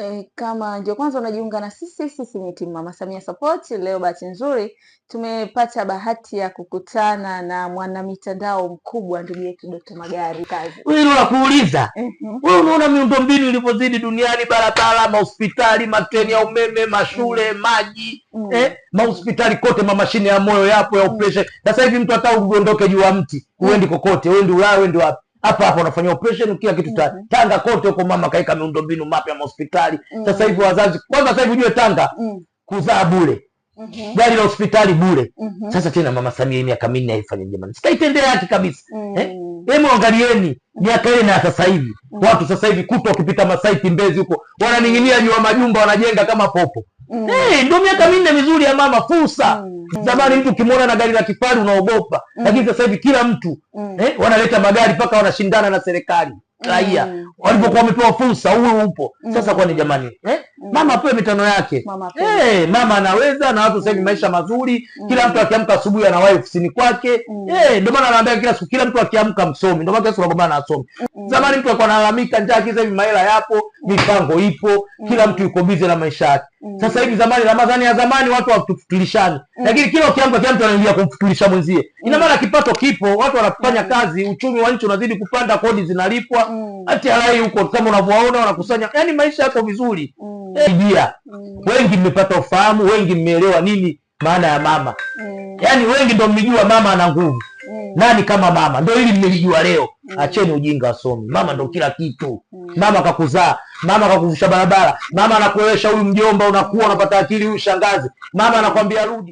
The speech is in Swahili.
E, kama ndio kwanza unajiunga na sisi, sisi ni timu Mama Samia Support. Leo bahati nzuri tumepata bahati ya kukutana na mwanamitandao mkubwa ndugu yetu Dr. Magari Kazi. Wewe kuuliza mhm. wewe, unaona miundombinu ilivyozidi duniani, barabara, mahospitali, mateni ya umeme, mashule, mm. maji mm. eh, mahospitali kote, mamashine ya moyo yapo ya operation. Mhm. Sasa hivi mtu hata uondoke juu ya mti uendi mhm. kokote, uendi Ulaya, uendi wapi hapa hapa wanafanya operation kila kitu ta, mm-hmm. Tanga kote huko mama kaika miundombinu mapya mahospitali mm. Sasa mm-hmm. hivi wazazi kwanza, sasa hivi ujue Tanga mm. kuzaa bure mm -hmm. gari la hospitali bure mm -hmm. Sasa tena mama Samia miaka minne haifanya jamani, sitaitendea haki kabisa mm. eh? angalieni mm. miaka ile na sasa hivi mm. watu sasa hivi kuto wakipita masaiti Mbezi huko wananing'inia nyuma majumba wanajenga kama popo mm. Hey, eh, ndio miaka minne mizuri ya mama fursa mm. mm. Zamani mtu ukimwona na gari la kifahari unaogopa mm. Lakini sasa hivi kila mtu mm. eh, wanaleta magari mpaka wanashindana na serikali raia mm. walipokuwa wamepewa fursa, huo upo mm. sasa. Kwani jamani eh? mm. mama apewe mitano yake mama, hey, eh, mama anaweza na watu sasa mm. maisha mazuri mm. kila mtu akiamka asubuhi anawahi ofisini kwake mm. hey, eh, ndio maana anaambia kila siku, kila mtu akiamka msomi. Ndio maana Yesu unagombana na asomi mm. Zamani mtu alikuwa analalamika njaa, sasa hivi mahela yapo, mipango ipo, kila mtu yuko bize na maisha yake. Sasa hivi zamani, Ramadhani ya zamani watu hawatufutulishani, lakini kila ukiamka, kila mtu anaingia kumfutulisha mwenzie. Ina maana kipato kipo, watu wanafanya kazi, uchumi wa nchi unazidi kupanda, kodi zinalipwa, hati halai huko kama unavyoona wanakusanya, yaani maisha yako vizuri. Idea wengi mmepata ufahamu, wengi mmeelewa nini maana ya mama, yaani wengi ndio mmejua mama ana nguvu. Nani kama mama? Ndio hili mmelijua leo mm. Acheni ujinga wasomi, mama ndo kila kitu mm. Mama kakuzaa, mama kakuvusha barabara, mama anakuelesha huyu mjomba, unakuwa unapata akili, huyu shangazi, mama anakwambia rudi.